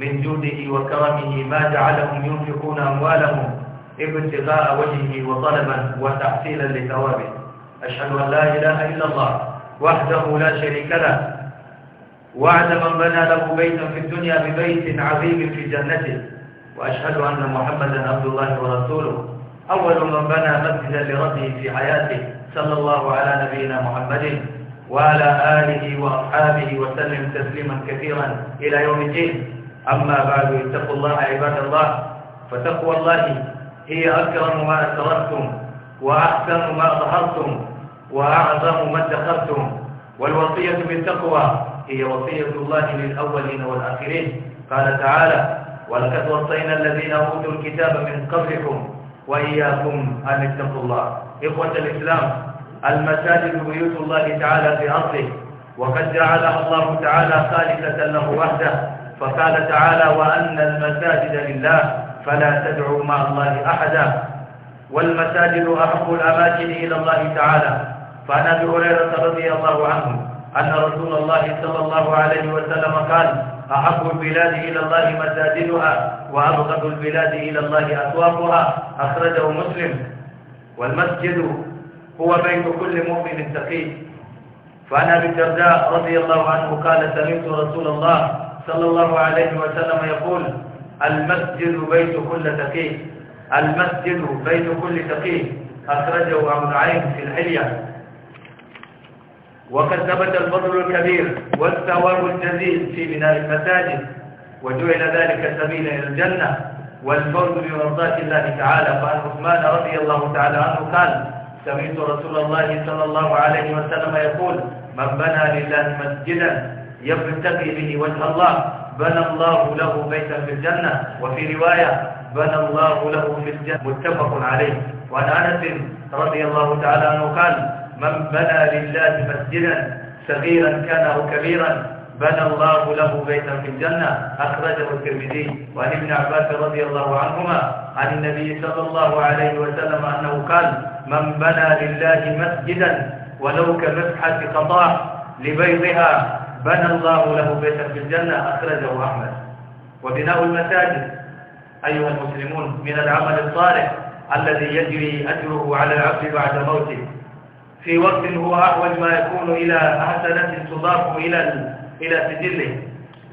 من جوده وكرمه ما جعلهم ينفقون أموالهم ابتغاء وجهه وطلبا وتحصيلا لثوابه أشهد أن لا إله إلا الله وحده لا شريك له وعد من بنى له بيتا في الدنيا ببيت عظيم في جنته وأشهد أن محمدا عبد الله ورسوله أول من بنى مسجدا لربه في حياته صلى الله على نبينا محمد وعلى آله وأصحابه وسلم تسليما كثيرا إلى يوم الدين أما بعد اتقوا الله عباد الله فتقوى الله هي أكرم ما أسررتم وأحسن ما ظهرتم وأعظم ما ادخرتم والوصية بالتقوى هي وصية الله للأولين والآخرين قال تعالى ولقد وصينا الذين أوتوا الكتاب من قبلكم وإياكم أن اتقوا الله إخوة الإسلام المساجد بيوت الله تعالى في أرضه وقد جعلها الله تعالى خالصة له وحده فقال تعالى وأن المساجد لله فلا تدعوا مع الله أحدا والمساجد أحب الأماكن إلى الله تعالى فعن أبي هريرة رضي الله عنه أن رسول الله صلى الله عليه وسلم قال أحب البلاد إلى الله مساجدها وأبغض البلاد إلى الله أسواقها أخرجه مسلم والمسجد هو بيت كل مؤمن تقي فعن أبي الدرداء رضي الله عنه قال سمعت رسول الله صلى الله عليه وسلم يقول المسجد بيت كل تقي المسجد بيت كل تقي أخرجه أبو نعيم في الحلية وقد ثبت الفضل الكبير والثواب الجزيل في بناء المساجد وجعل ذلك سبيلا إلى الجنة والفوز بمرضاة الله تعالى فعن عثمان رضي الله تعالى عنه قال سمعت رسول الله صلى الله عليه وسلم يقول من بنى لله مسجدا يبتغي به وجه الله بنى الله له بيتا في الجنة وفي رواية بنى الله له في الجنة متفق عليه وعن أنس رضي الله تعالى عنه قال من بنى لله مسجدا صغيرا كان أو كبيرا بنى الله له بيتا في الجنة أخرجه الترمذي وعن ابن عباس رضي الله عنهما عن النبي صلى الله عليه وسلم أنه قال من بنى لله مسجدا ولو كمسحة قطاع لبيضها بنى الله له بيتا في الجنة أخرجه أحمد وبناء المساجد أيها المسلمون من العمل الصالح الذي يجري أجره على العبد بعد موته في وقت هو أحوج ما يكون إلى حسنة تضاف إلى إلى سجله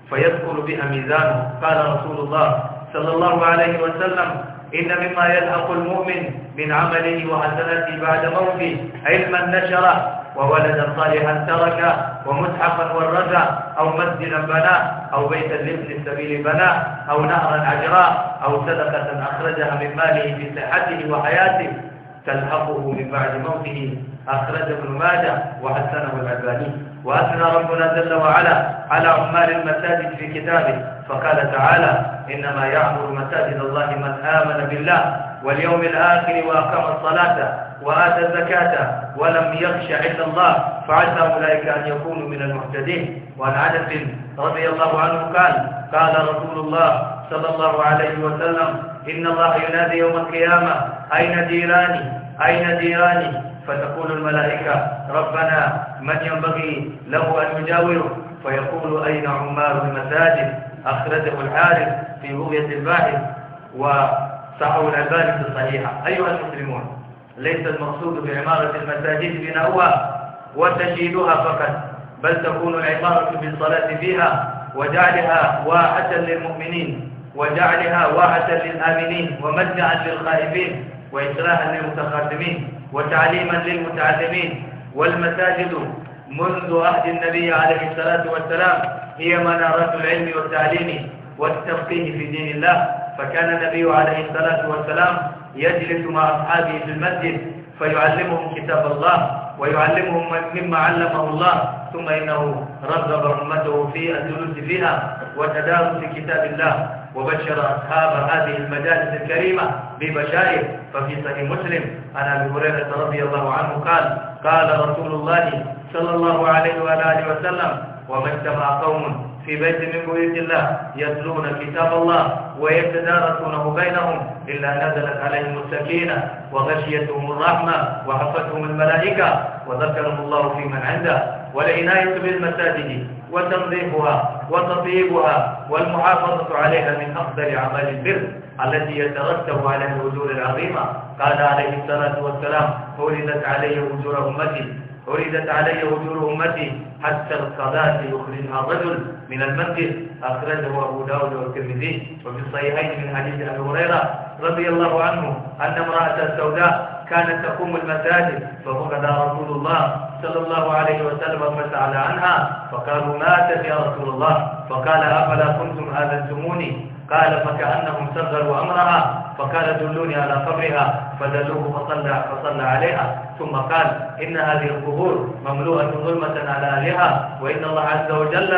فيدخل بها ميزانه قال رسول الله صلى الله عليه وسلم إن مما يلحق المؤمن من عمله وحسناته بعد موته علما نشره وولدا صالحا ترك ومتحفا ورجا أو مسجدا بناه أو بيتا لابن السبيل بناه أو نهرا عجراه أو صدقة أخرجها من ماله في صحته وحياته تلحقه من بعد موته أخرجه ابن ماجه وحسنه العباني وأثنى ربنا جل وعلا على عمال المساجد في كتابه فقال تعالى إنما يعمر مساجد الله من آمن بالله واليوم الآخر وأقام الصلاة وآتى الزكاة ولم يخش إلا الله فعسى أولئك أن يكونوا من المهتدين وعن عدد رضي الله عنه قال قال رسول الله صلى الله عليه وسلم إن الله ينادي يوم القيامة أين ديراني أين ديراني فتقول الملائكة ربنا من ينبغي له أن يجاوره فيقول أين عمار المساجد أخرجه الحارث في بغية الباحث وصحوا العبادة الصحيحة أيها المسلمون ليس المقصود بعمارة المساجد بنوها وتشييدها فقط بل تكون العمارة بالصلاة فيها وجعلها واحة للمؤمنين وجعلها واحة للآمنين ومتعا للخائفين وإسراها للمتخدمين وتعليما للمتعلمين والمساجد منذ عهد النبي عليه الصلاة والسلام هي منارة العلم والتعليم والتفقيه في دين الله فكان النبي عليه الصلاة والسلام يجلس مع أصحابه في المسجد فيعلمهم كتاب الله ويعلمهم مما علمه الله ثم إنه رغب أمته في الجلوس فيها وتدارس كتاب الله وبشر أصحاب هذه المجالس الكريمة ببشائر ففي صحيح مسلم عن أبي هريرة رضي الله عنه قال قال رسول الله صلى الله عليه وآله وسلم وما اجتمع قوم في بيت من بيوت الله يتلون كتاب الله ويتدارسونه بينهم إلا نزلت عليهم السكينة وغشيتهم الرحمة وحفتهم الملائكة وذكرهم الله في من عنده والعناية بالمساجد وتنظيفها وتطيبها والمحافظة عليها من أفضل أعمال البر التي يترتب على الأجور العظيمة قال عليه الصلاة والسلام أولدت علي أجور أمتي أولدت علي وجور أمتي حتى القضاة يخرجها الرجل من المسجد أخرجه أبو داود والترمذي وفي الصحيحين من حديث أبي هريرة رضي الله عنه أن امرأة السوداء كانت تقوم المساجد فوقد رسول الله صلى الله عليه وسلم فسأل عنها فقالوا ماتت يا رسول الله فقال أفلا كنتم آذنتموني قال فكأنهم صغروا أمرها فقال دلوني على قبرها فدلوه فصلى, فصلى عليها ثم قال إن هذه القبور مملوءة ظلمة على أهلها وإن الله عز وجل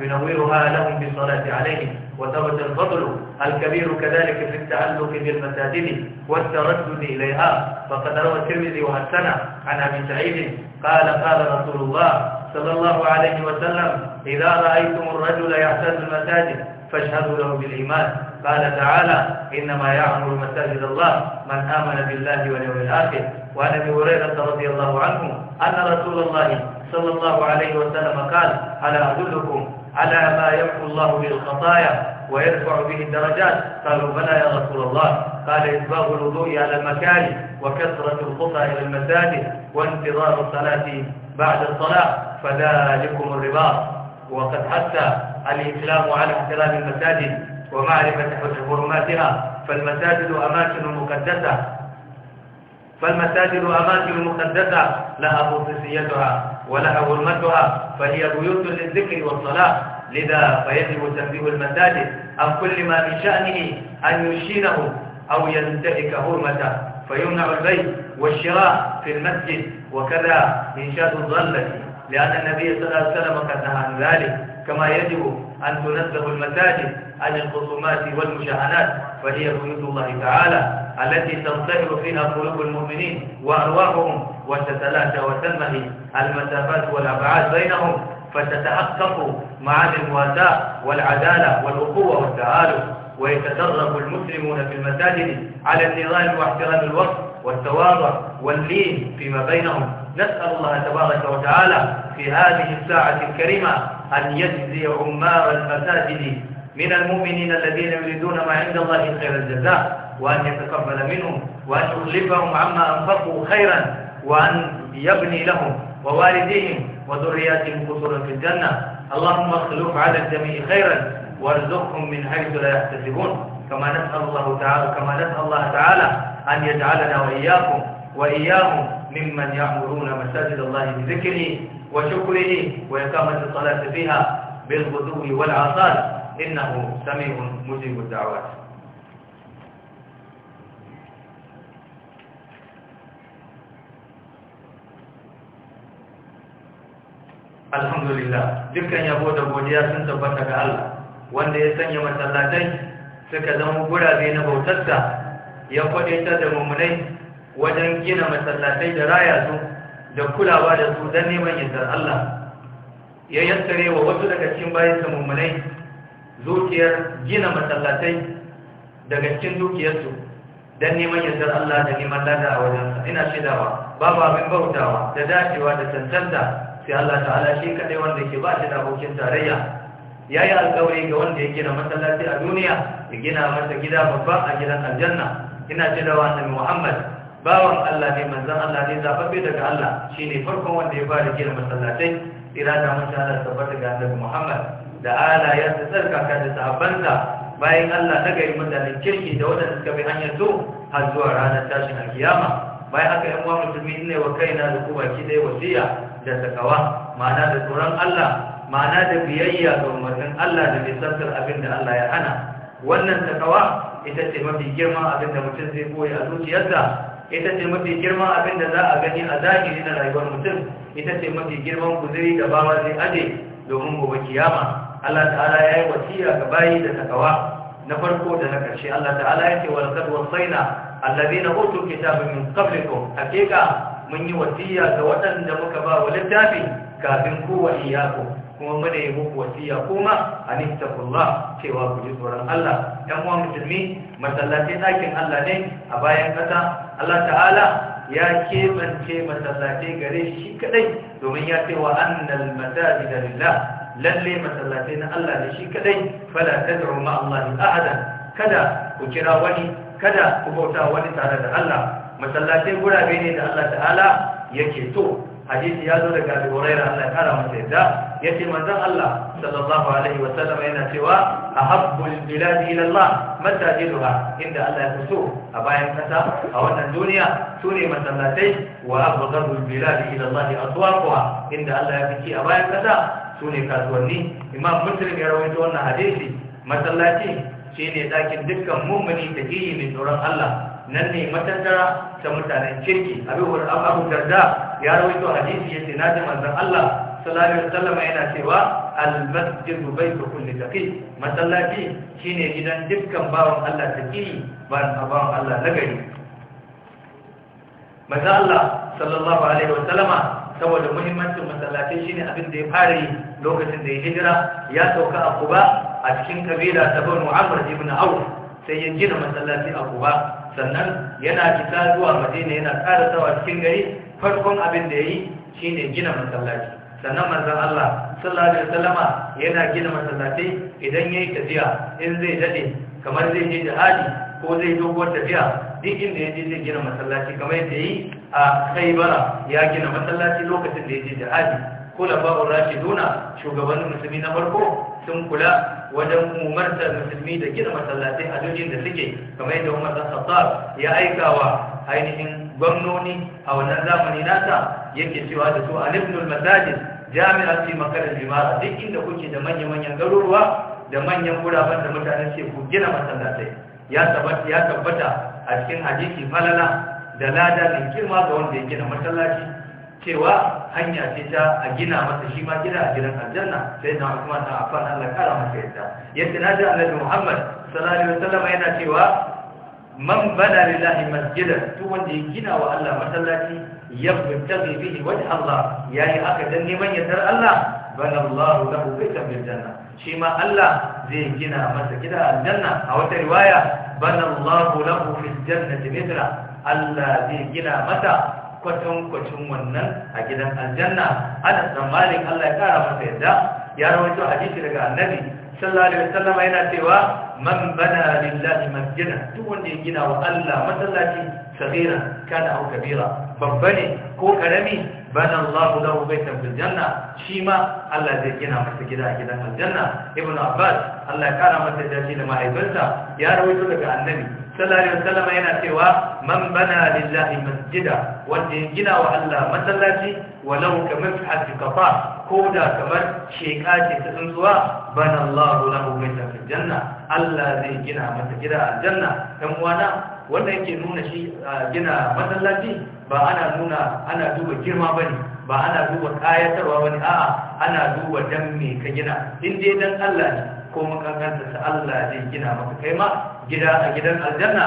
ينورها لهم بالصلاة عليه وثبت الفضل الكبير كذلك في التعلق بالمساجد والتردد إليها فقد روى الترمذي وحسنه عن أبي سعيد قال قال رسول الله صلى الله عليه وسلم إذا رأيتم الرجل يعتاد المساجد فاشهدوا له بالإيمان قال تعالى إنما يعمر مساجد الله من آمن بالله واليوم الآخر وعن ابي هريره رضي الله عنه ان رسول الله صلى الله عليه وسلم قال الا ادلكم على ما يمحو الله به الخطايا ويرفع به الدرجات قالوا بلى يا رسول الله قال إسباغ الوضوء على المكان وكثرة الخطى إلى المساجد وانتظار الصلاة بعد الصلاة فذلكم الرباط وقد حث الإسلام على احترام المساجد ومعرفة حرماتها فالمساجد أماكن مقدسة فالمساجد أماكن مقدسة لها خصوصيتها ولها غرمتها فهي بيوت للذكر والصلاة لذا فيجب تنبيه المساجد عن كل ما من شأنه أن يشينه أو ينتهك هرمته فيمنع البيت والشراء في المسجد وكذا إنشاء الظلة لأن النبي صلى الله عليه وسلم قد نهى عن ذلك كما يجب أن تنزه المساجد عن الخصومات والمشاحنات فهي بيوت الله تعالى التي تنطهر فيها قلوب المؤمنين وأرواحهم وتتلاشى وتنمهي المسافات والأبعاد بينهم فتتحقق معاني المواساة والعدالة والأخوة والتعالف ويتدرب المسلمون في المساجد على النظام واحترام الوقت والتواضع واللين فيما بينهم نسأل الله تبارك وتعالى في هذه الساعة الكريمة أن يجزي عمار المساجد من المؤمنين الذين يريدون ما عند الله خير الجزاء وأن يتقبل منهم وأن يخلفهم عما أنفقوا خيرا وأن يبني لهم ووالديهم وذرياتهم قصورا في الجنة اللهم اخلف على الجميع خيرا وارزقهم من حيث لا يحتسبون كما نسأل الله تعالى كما نسأل الله تعالى أن يجعلنا وإياكم وإياهم ممن يعمرون مساجد الله بذكره وشكره وإقامة الصلاة فيها بالغدو والعصال innahu sami'un mujibud da'wat alhamdulillah dukkan yabo da godiya sun tabbata ga Allah wanda ya sanya masallatai suka zama gurabe na bautarsa ya kwadaitar da mummunai wajen gina masallatai da raya su da kulawa da su don neman yardar Allah ya yassare wa wasu daga cikin bayansa mummunai Zuciyar gina masallatai daga cikin dukiyarsu don neman yardar Allah da neman lada a wajensa ina shidawa, babu abin bautawa da dacewa da tantanta sai Allah ta'ala shi kadai wanda ke ba shi da abokin tarayya ya yi alkawari ga wanda ya gina matsalatai a duniya ya gina masa gida babban a gidan aljanna ina shaidawa annabi Muhammad bawan Allah ne manzon Allah ne zababbe daga Allah shine farkon wanda ya fara gina masallatai irada masha Allah tabbata ga annabi Muhammad da alayensa tsarkaka da sahabbansa bayan Allah ta gari mutanen kirki da wadanda suka bi hanyar su har zuwa ranar tashin alkiyama bayan aka yan uwa musulmi ne wa kaina da ku baki ɗaya wasiya da takawa ma'ana da tsoron Allah ma'ana da biyayya ga umarnin Allah da sassar abin da Allah ya hana wannan takawa ita ce mafi girma abin da mutum zai koya a zuciyarsa ita ce mafi girma abin da za a gani a zahiri na rayuwar mutum ita ce mafi girman kuzuri da bawa zai aje domin gobe kiyama Allah ta'ala ya yi wasiya ga bayi da takawa na farko da na ƙarshe. Allah ta'ala ya ce walqad wasaina alladhina utul kitaba min qablikum hakika mun yi wasiya ga waɗanda muka ba wa littafi kafin ku wa iyyakum kuma muna yi muku wasiya kuma an cewa ku ji tsoron Allah dan uwan musulmi masallatai ɗakin Allah ne a bayan ƙasa Allah ta'ala ya kebance masallatai gare shi kadai domin ya ce wa annal masajida lillah lalle masallatai na Allah da shi kadai fala tad'u ma Allah ahada kada ku kira wani kada ku bauta wani tare da Allah masallatai gurabe ne da Allah ta'ala yake so hadisi ya zo daga Abu Hurairah Allah ya kara masa yadda yace manzon Allah sallallahu alaihi wa sallam yana cewa ahabbul bilad ila Allah masajiduha inda Allah ya so a bayan kasa a wannan duniya sune masallatai wa abghadul bilad ila Allah aswaquha inda Allah ya fice a bayan kasa su ne kasuwanni imam muslim ya rawaito wannan hadisi masallaci shi ne dakin dukkan mummuni da giyi mai tsoron Allah nan ne matattara ta mutanen kirki abubuwar abu darda ya rawaito hadisi ya ce na ji manzan Allah sallallahu alaihi wasallam yana cewa al-masjid baytu kulli taqi masallaci shine gidan dukkan bawon Allah taqi ban bawon Allah nagari maza Allah sallallahu alaihi wasallama saboda muhimmancin masallaci shine abin da ya fara yi lokacin da ya hijira ya sauka a kuba a cikin kabila ta banu amr ibn auf sai ya gina masallaci a kuba sannan yana fita zuwa madina yana ƙara tawa cikin gari farkon abin da ya yi shine gina masallaci sannan manzon Allah sallallahu alaihi wasallama yana gina masallaci idan yayi tafiya in zai dade kamar zai je jihadi ko zai dogon tafiya duk inda je zai gina masallaci kamar yadda ya yi a kaibara ya gina masallaci lokacin da ya yaje jihadi khulafa ar-rashiduna shugabannin musulmi na farko sun kula wajen umartar musulmi da gina masallatai a dojin da suke kamar yadda Umar bin Khattab ya wa ainihin gwamnoni a wannan zamani nata yake cewa da su alibnul masajid jami'a fi makarar jimara duk inda kuke da manya-manyan garuruwa da manyan guraben da mutane ce ku gina masallatai ya tabbata a cikin hadisi falala da lada da girma ga wanda ya gina masallaci cewa hanya ce ta a gina masa shi ma gina a gidan aljanna sai na Usman dan Affan Allah kara masa yadda yadda naji Annabi Muhammad sallallahu alaihi wasallam yana cewa man bana lillahi masjidan duk wanda ya gina wa Allah masallaci yabtaghi bihi wajh Allah yayi haka dan neman yardar Allah bana Allah lahu baitan bil janna shi ma Allah zai gina masa gida aljanna a wata riwaya bana Allah lahu fil jannati mithla Allah zai gina masa kwacin-kwacin wannan a gidan aljanna ana tsammanin Allah ya kara masa yadda ya rawaito a hadisi daga annabi sallallahu alaihi wasallam yana cewa man bana lillahi masjida duk wanda ya gina wa Allah masallaci sagira kana au kabira babba ne ko karami bana Allah lahu baitan fil janna shi ma Allah zai gina masa gida a gidan aljanna ibnu abbas Allah ya kara masa yadda shi da mahaifinsa ya rawaito daga annabi sallallahu alaihi wasallam yana cewa man bana lillahi masjida wanda ya gina wa Allah masallaci walau kamar mithati qafa ko da kamar sheka ce ta tsuntsuwa bana Allahu lahu baita fil janna Allah zai gina masa gida aljanna dan uwana wanda yake nuna shi gina masallaci ba ana nuna ana duba girma bane ba ana duba kayatarwa bane a'a ana duba dan me ka gina in dai dan Allah ne ko makanganta ta Allah zai gina maka kai ma gida a gidan aljanna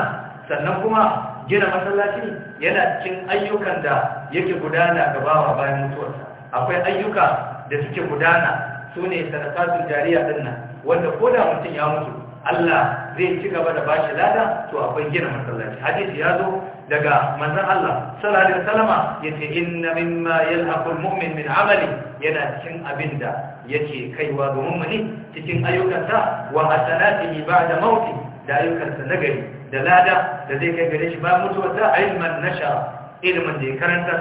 sannan kuma gina masallaci yana cikin ayyukan da yake gudana ga bawa bayan mutuwarsa akwai ayyuka da suke gudana su ne sadakatun jariya din nan wanda ko da mutum ya mutu Allah zai ci gaba da bashi lada to akwai gina masallaci hadisi ya zo daga manzon Allah sallallahu alaihi wasallama yace inna mimma yalhaqul mu'min min amali yana cikin abinda yake kaiwa ga mummuni cikin ayyukansa wa hasanatihi ba'da mauti da ayyukansa nagari da lada da zai kai gare shi ba mutuwarsa ilman nasha ilman da ya karanta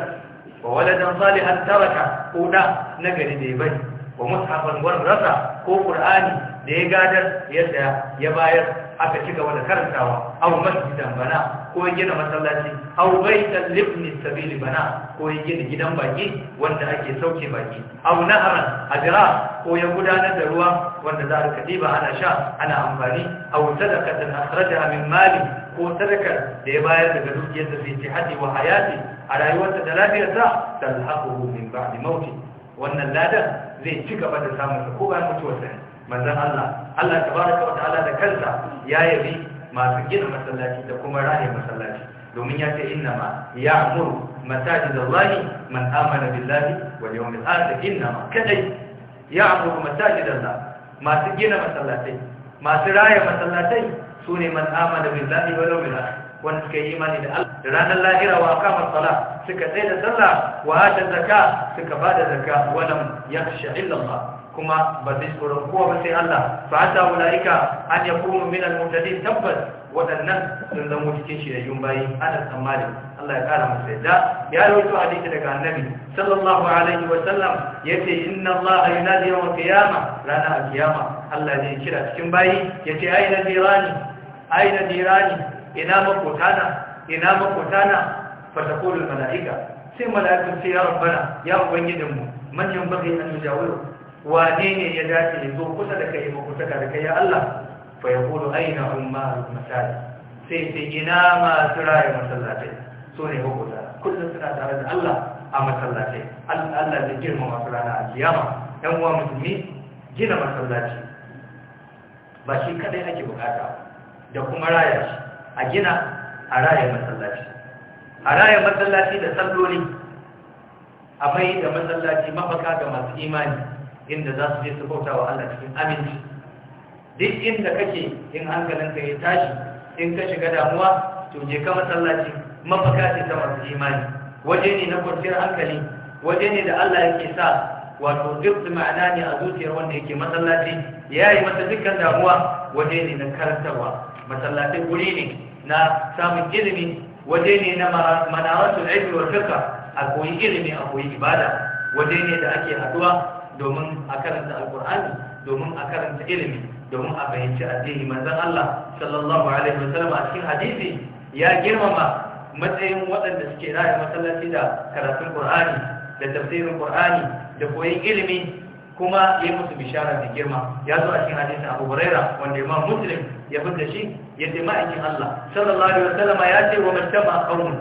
wa waladan salihan taraka ko da nagari da ya bari wa mushafan rasa ko qur'ani da ya gadar yadda ya bayar aka ci gaba da karantawa aw masjidan bana ko ya gina masallaci aw baitan libni sabili bana ko ya gina gidan baki wanda ake sauke baki aw naharan jira, ko ya gudanar da ruwa wanda za a rika diba ana sha ana amfani aw sadaqatan akhrajaha min mali ko sadaka da ya bayar daga zai fi jihadi wa hayati a rayuwarsa da lafiyarsa talhaquhu min ba'di mauti wannan ladan zai ci gaba da samun sa ko bayan mutuwarsa manzon Allah Allah tabaraka wa ta'ala da kansa ya yabi masu gina masallaci da kuma raye masallaci domin ya ce inna ma ya amuru masajid Allah man amana billahi wal yawmil akhir inna ma kadai ya amuru masajid Allah masu gina masallatai masu raye masallatai sune man amana billahi wal yawmil akhir wanda suka yi imani da Allah ranar lahira wa kama sala suka tsaye da sallah wa hada zakka suka bada zakka wa lam yakhsha illa Allah kuma ba zai tsoron kowa ba sai Allah fa hatta ulaika an yakunu min al-muhtadin tabbas wadannan sun zama cikin shiryayyun bayi ana tsammani Allah ya kara masa yadda ya rawaito hadisi daga annabi sallallahu alaihi wa sallam yace inna Allah yunadi yawm al-qiyamah rana al-qiyama Allah zai kira cikin bayi yace ayna dirani ayna dirani ina makotana ina makotana fa taqulu al-mala'ika sai mala'ikun sai ya rabbana ya ubangijinmu man yanbaghi an yujawiru wane ne ya dace ya zo kusa da kai ma kusa da kai ya Allah fa ya kudu aina umma masal sai sai ina ma tsiraye masallatai so ne hukuta kullum suna tare da Allah a masallatai Allah da girma masu rana a kiyama yan uwa musulmi gina masallaci ba shi kadai ake bukata da kuma raya shi a gina a raya masallaci a raya masallaci da salloli a mai da masallaci mafaka ga masu imani inda za su je su bauta wa Allah cikin aminci duk inda kake in hankalinka ya tashi in ka shiga damuwa to je ka masallaci mafaka ce ta masu imani waje ne na kwanciyar hankali waje ne da Allah yake sa wato duk ma'ana ne a zuciyar wanda yake masallaci ya yi masa dukkan damuwa waje ne na karantarwa masallaci guri ne na samun ilimi waje ne na manawatu ilmi wa a koyi ilimi a koyi ibada waje ne da ake haduwa domin a karanta alkur'ani domin a karanta ilimi domin a fahimci addini manzon Allah sallallahu alaihi wasallam a cikin hadisi ya girmama matsayin waɗanda suke raye masallaci da karatun Qur'ani da tafsirin Qur'ani da koyon ilimi kuma ya musu bishara da girma ya zo a cikin hadisi Abu Huraira wanda Imam Muslim ya fitta shi ya ce ma'aikin Allah sallallahu alaihi wasallam ya ce wa mastama qaumun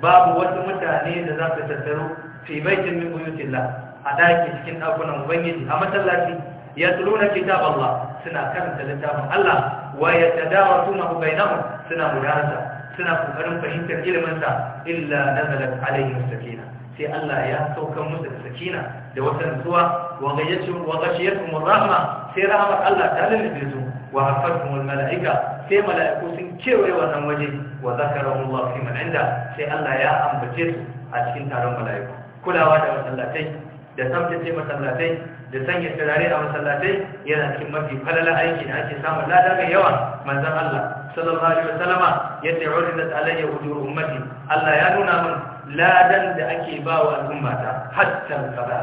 babu wasu mutane da za su tattaru fi baitin min buyutillah a daki cikin dakunan ubangiji a masallaci ya tsuluna kitab Allah suna karanta littafin Allah wa ya tadawa suna bainahum suna mudarasa suna kokarin fahimtar ilimin sa illa nazalat alaihim sakina sai Allah ya sauka musu da sakina da wata nutsuwa wa gayyatu wa ghashiyatuhum rahma sai rahama Allah ta lalle su wa hafatuhum malaika sai malaiku sun kewaye wannan waje wa zakarahum Allah fi man inda sai Allah ya ambace su a cikin taron malaiku kulawa da masallatai da tsabtace masallatai da sanya turare a masallatai yana cikin mafi falala aiki da ake samun lada mai yawa manzon Allah sallallahu alaihi wasallama yadda ya uridat alayya ujur ummati Allah ya nuna min ladan da ake ba wa al'ummata hatta kaza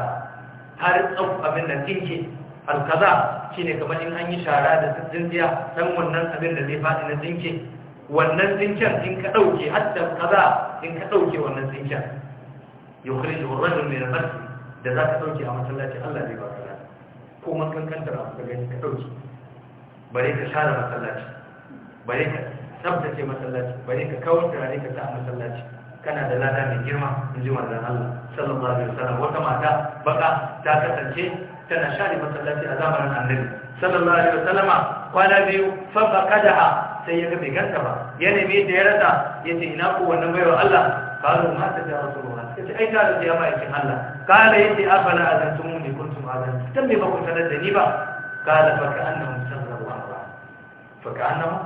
har tsau abin da tinke alkaza shine kamar in an yi shara da tsindiya dan wannan abin da zai faɗi na tinke wannan tinken in ka dauke hatta kaza in ka dauke wannan tinken yukhrijuhu ar-rajul min al-masjid da za ka ɗauke a masallaci Allah zai ba ka lada ko kankanta ba ka gani ka ɗauke bare ka share masallaci bare ka tsabtace masallaci bare ka kawo turare ka sa a masallaci kana da lada mai girma in ji manzon Allah sallallahu alaihi wasallam wata mata baka ta kasance tana share masallaci a zamanin annabi sallallahu alaihi wasallama kwana biyu fa faqadaha sai ya ga bai ganta ba ya nemi da ya rasa ya ce ina ko wannan baiwa Allah kalu ma ta ga rasulullah sai ai ta da ya yake Allah kala yake afala azantum ne kuntum azan dan me ba ku sanar da ni ba kala fa ka annahum saghraw ba fa ka annahum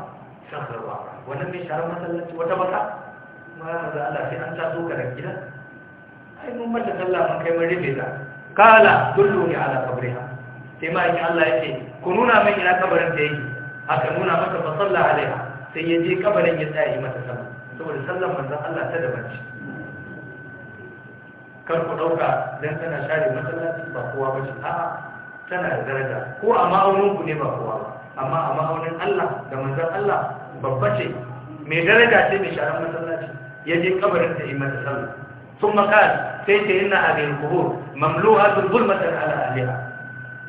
saghraw ba wannan me sharar masallaci wata baka ma za Allah sai an taso ka daga gida ai mun mata sallah mun kai mun rufe ta kala dulluni ala qabriha sai ma yake Allah yake ku nuna min ina kabarin da yake aka nuna maka fa sallah alaiha sai ya je kabarin ya tsaya mata sallah saboda sallar manzon Allah ta daban ce kar ku ɗauka don tana share masallaci ba kowa ba shi. a'a tana da daraja ko a ma'aunin ku ne ba kowa ba amma a ma'aunin Allah da manzon Allah babba ce mai daraja ce mai sharan matsalaci. ya je kabarin ta yi mata sallah sun makar sai ta yi na abin kuhur mamlu'a sun gulmatar ala aliha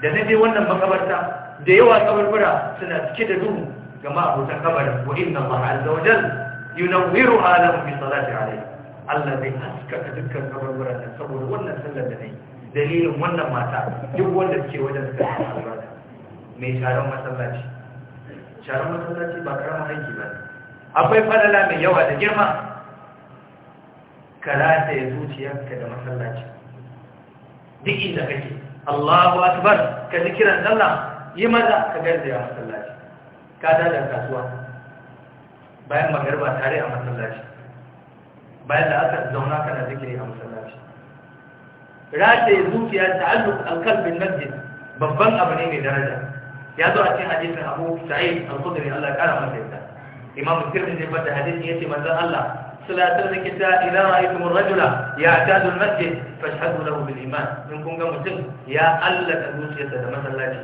da na je wannan makabarta da yawa kabarbura suna cike da duhu gama ma'abotan kabarin wa inna Allah azza wa jal yunawwiru alam bi salati alayhi Allah zai haskaka dukkan kabarburan nan saboda wannan sallar da nayi dalilin wannan mata duk wanda suke wajen suka yi albarka mai sharan masallaci sharan masallaci ba karamar aiki ba akwai falala mai yawa da girma ka ya zuciyarka da masallaci duk inda kake Allahu akbar ka ji kiran sallah yi maza ka ya masallaci ka da kasuwa bayan magarba tare a masallaci bayan da aka zauna kana zikiri a masallaci rataye zuciya ta'alluq alqalb bin masjid babban abu ne mai daraja ya zo a cikin hadisin Abu Sa'id al-Khudri Allah ya kara masa yarda Imam Tirmidhi ba da hadisi yace manzon Allah salatul likita ila ra'aytum ar-rajula ya'tadu al-masjid fashhadu lahu bil iman in kun ga mutum ya allaka zuciyarsa da masallaci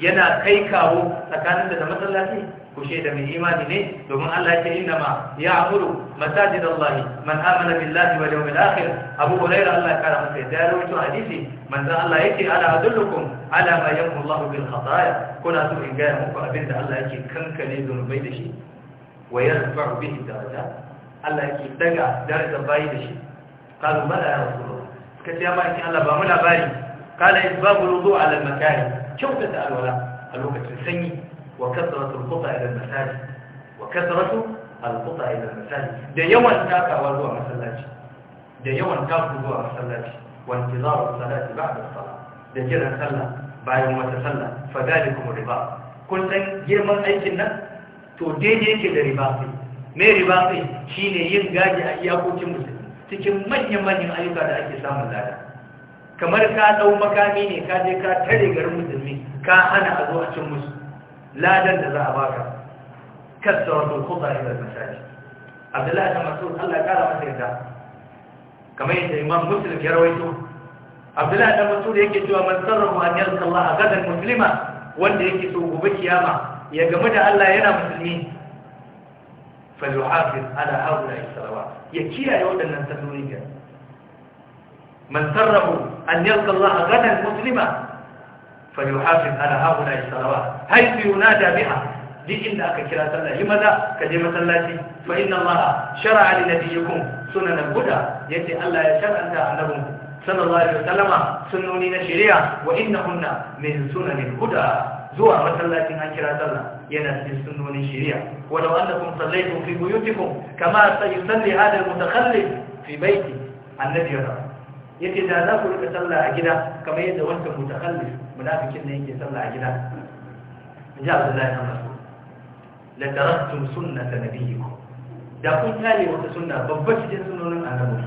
yana kai kawo tsakanin da masallaci ku da mai imani ne domin Allah ya ce inna ma ya'muru masajid Allah man amana billahi wal yawmil akhir Abu Hurairah Allah ya kara masa da rawaito hadisi manzo Allah yake ala adullukum ala ma yamhu Allah bil khataaya kuna so in ga muku abinda Allah yake kankane zunubai da shi wa yarfa'u bihi daraja Allah yake daga darajar bayi da shi kalu bala ya rasulullah kace ya ma Allah ba mu labari kala isbabu rudu ala al-makari kyautata alwala a lokacin sanyi wa kasratul quta ila masajid wa kasratu al ila masajid da yawan takawa zuwa masallaci da yawan taku zuwa masallaci wa intizaru salati ba'da salat da jiran sallah bayan wata sallah fa dalikum riba kun san girman aikin nan to daidai yake da riba mai riba kai shine yin gaji a iyakokin musulmi cikin manyan manyan ayyuka da ake samun lada kamar ka dau makami ne ka je ka tare garin musulmi ka hana a zo a cin musu ladan da za a baka kasaratul khutba ila masajid Abdullahi da Mas'ud Allah ya kara masa yadda. kamar yadda Imam Muslim ya rawaito Abdullahi bin Mas'ud yake cewa man sarrahu an yalqa Allah gadan Musulma? wanda yake so gobe kiyama ya gamu da Allah yana musulmi falyuhafiz ala haula salawat ya kiyaye waɗannan gari. man sarrahu أن يلقى الله غدا مسلما فيحافظ على هؤلاء الصلوات حيث ينادى بها دي إن أكا كلا صلى لماذا كجمة التي فإن الله شرع لنبيكم سنن الهدى يتي الله يشرع أنت أنهم صلى الله عليه وسلم سنوني نشريع وإنهن من سنن الهدى زوا مثلا أن كلا صلى ينسي سنوني شريع ولو أنكم صليتم في بيوتكم كما سيصلي هذا المتخلف في بيتي النبي رب yake da za ku rika sallah a gida kamar yadda wancan mutakallif munafikin ne yake sallah a gida ji Abdullahi na Mas'ud la taraktum sunnata nabiyikum da kun tare wata sunna babba cikin sunnonin annabi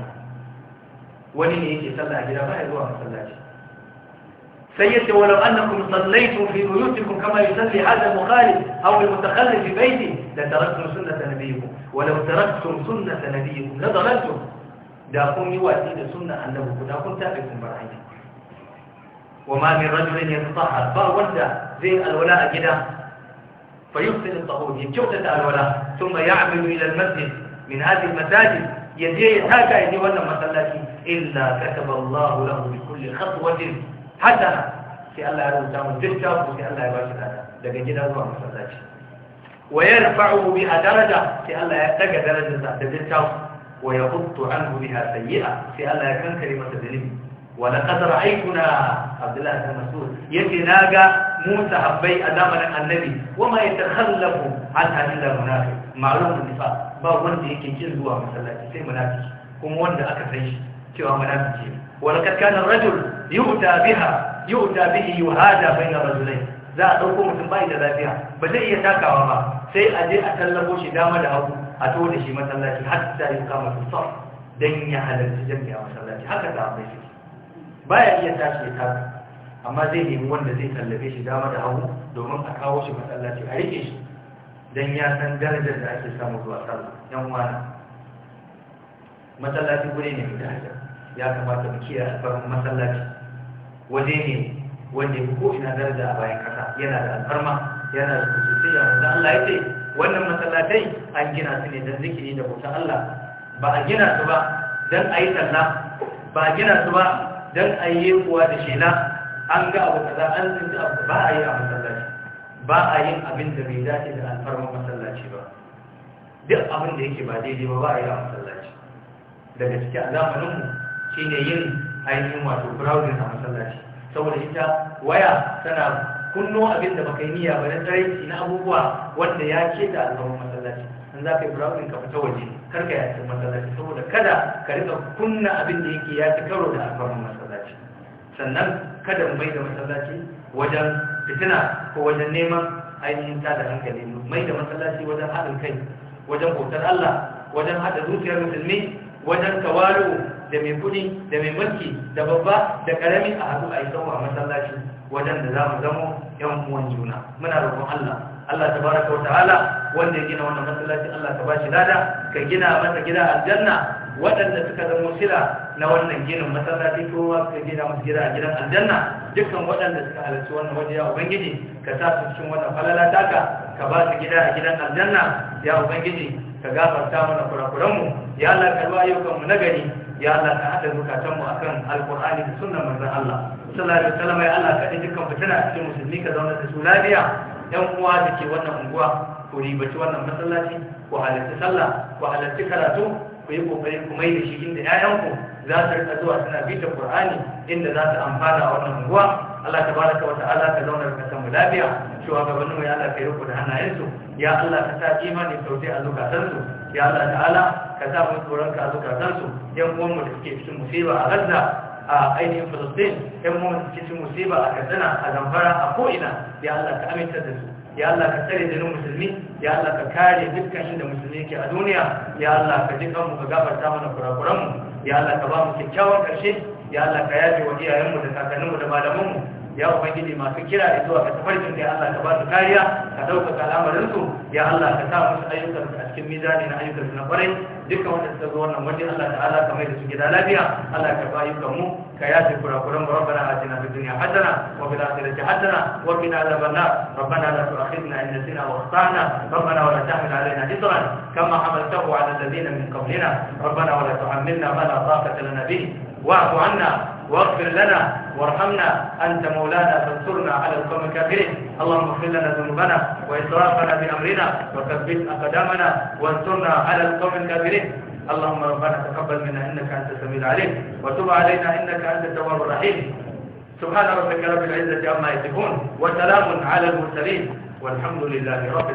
wani ne yake sallah a gida ba ya zuwa masallaci sai yace walau annakum sallaytum fi buyutikum kama yusalli hada mukhalif aw al mutakallif fi bayti la taraktum sunnata nabiyikum walau taraktum sunnata nabiyikum la dhalaltum da kun yi watsi da sunna annabi ku da kun tafi kun bar hanya wa ma min rajulin yatatahhar ba wanda zai alwala a gida fa yusil at-tahur ya kyautata alwala thumma ya'malu ila al-masjid min hadhihi al-masajid ya je ya taka ya je wannan masallaci illa kataba Allah lahu bi kulli khatwatin hasana sai Allah ya rubuta mu duk tafu sai Allah ya bashi lada daga gida zuwa masallaci wa yarfa'u biha daraja sai Allah ya daga darajarsa da duk tafu wa ya kuttu an biha sayyi'a sai Allah ya kankare masa zunubi wa laqad ra'aytuna Abdullah bin Mas'ud yace naga mu sahabbai a zamanin Annabi wa ma yatakhallafu an hadila munafiq ma'lum nifaq ba wanda yake kin masallaci sai munafiki kuma wanda aka san shi cewa munafiki wa laqad kana ar-rajul yu'ta biha yu'ta bihi wa hada bayna rajulayn za a dauko mutum da lafiya ba zai iya takawa ba sai a je a tallafo shi dama da hagu a to da shi masallaci hatta yi kama tutar don ya halarci jami'a masallaci haka da abai Ba ya iya tashi ya taka amma zai nemi wanda zai tallafe shi dama da hagu domin a kawo shi masallaci a rike shi don ya san darajar da ake samu zuwa sallu yan wana masallaci gure ne da hajjar ya kamata mu kiyaye alfarmar masallaci waje ne wanda ya ko ina daraja a bayan kasa yana da alfarma yana da kusurciya wanda Allah ya ce wannan masallatai an gina su ne don zikiri da bautan Allah ba a gina su ba don a yi talla ba a gina su ba don a yi kuwa da shela an ga abu kaza an zinci abu ba a yi a masallaci ba a yin abin da bai dace da alfarmar masallaci ba duk abin da yake ba daidai ba ba a yi a masallaci daga ciki a zamaninmu shi ne yin ainihin wato browsing a masallaci saboda ita waya tana kunno abin da baka yi niyya ba na tsaraici na abubuwa wanda ya ce da alfarmar masallaci in za ka yi browsing ka fita waje kar ka yaci masallaci saboda kada ka rika kunna abin da yake ya ci karo da alfarmar masallaci sannan kada mu mai da masallaci wajen fitina ko wajen neman ainihin ta da hankali mai da masallaci wajen haɗin kai wajen bautar Allah wajen haɗa zuciyar musulmi wajen kawalo da mai kuɗi da mai mulki da babba da ƙarami a haɗu a yi a masallaci wajen da za mu zamo yan uwan juna muna roƙon Allah Allah tabaraka wata'ala wanda ya gina wannan masallaci Allah ka bashi lada ka gina masa gida aljanna waɗanda suka zama sila na wannan ginin masallaci kowa ka gina masa gida a gidan aljanna dukkan waɗanda suka halarci wannan waje ya ubangiji ka sa su cikin wannan falala taka ka ba su gida a gidan aljanna ya ubangiji ka gafarta mana kurakuranmu ya Allah karba ayyukanmu na gari ya Allah ka hada zukatan mu akan alqur'ani da sunnar manzon Allah sallallahu alaihi wasallam ya Allah ka dinga dukkan fitina a cikin musulmi ka zauna da su lafiya yan uwa da ke wannan unguwa ku ribaci wannan masallaci ku halarci sallah ku halarci karatu ku yi kokari ku mai da shi inda ƴaƴanku za su rika zuwa suna da qur'ani inda za su amfana a wannan unguwa Allah tabaraka wa ta'ala ka zauna da kasan mu lafiya shugabannin mu ya Allah ka yi rubuta hannayensu ya Allah ka sa imanin sauti a zukatansu ya Allah ta'ala ka sa mun tsoronka a zukatansu yan uwan da suke cikin musiba a Gaza a ainihin Palestine yan uwan mu cikin musiba a Katsina a Zamfara a ko'ina ya Allah ka aminta da su ya Allah ka tsare jinin musulmi ya Allah ka kare dukkan inda musulmi ke a duniya ya Allah ka ji kanmu ka gafarta mana kurakuranmu ya Allah ka ba mu kyakkyawan karshe ya Allah ka yaje wa iyayenmu da kakanninmu da malamanmu ya ubangiji masu kira da zuwa ka tafarkin da Allah ka ba su kariya ka ɗaukaka al'amarinsu ya Allah ka sa musu ayyukan a cikin mizani na ayyukan na kwarai dukkan wanda suka zo wannan wajen Allah ta'ala ka mai da su gida lafiya Allah ka ba ayyukan mu ka yafe kurakuran mu rabbana atina fid dunya hasana wa fil akhirati hasana wa qina adhaban nar rabbana la tu'akhidna in nasina wa akhtana rabbana wa la tahmil alaina isran kama hamaltahu ala alladhina min qablina rabbana wa la tuhammilna ma la taqata lana bihi wa'fu 'anna واغفر لنا وارحمنا أنت مولانا فانصرنا على القوم الكافرين اللهم اغفر لنا ذنوبنا وإسرافنا بأمرنا وثبت أقدامنا وانصرنا على القوم الكافرين اللهم ربنا تقبل منا إنك أنت السميع العليم وتب علينا إنك أنت التواب الرحيم سبحان ربك رب العزة عما يصفون وسلام على المرسلين والحمد لله رب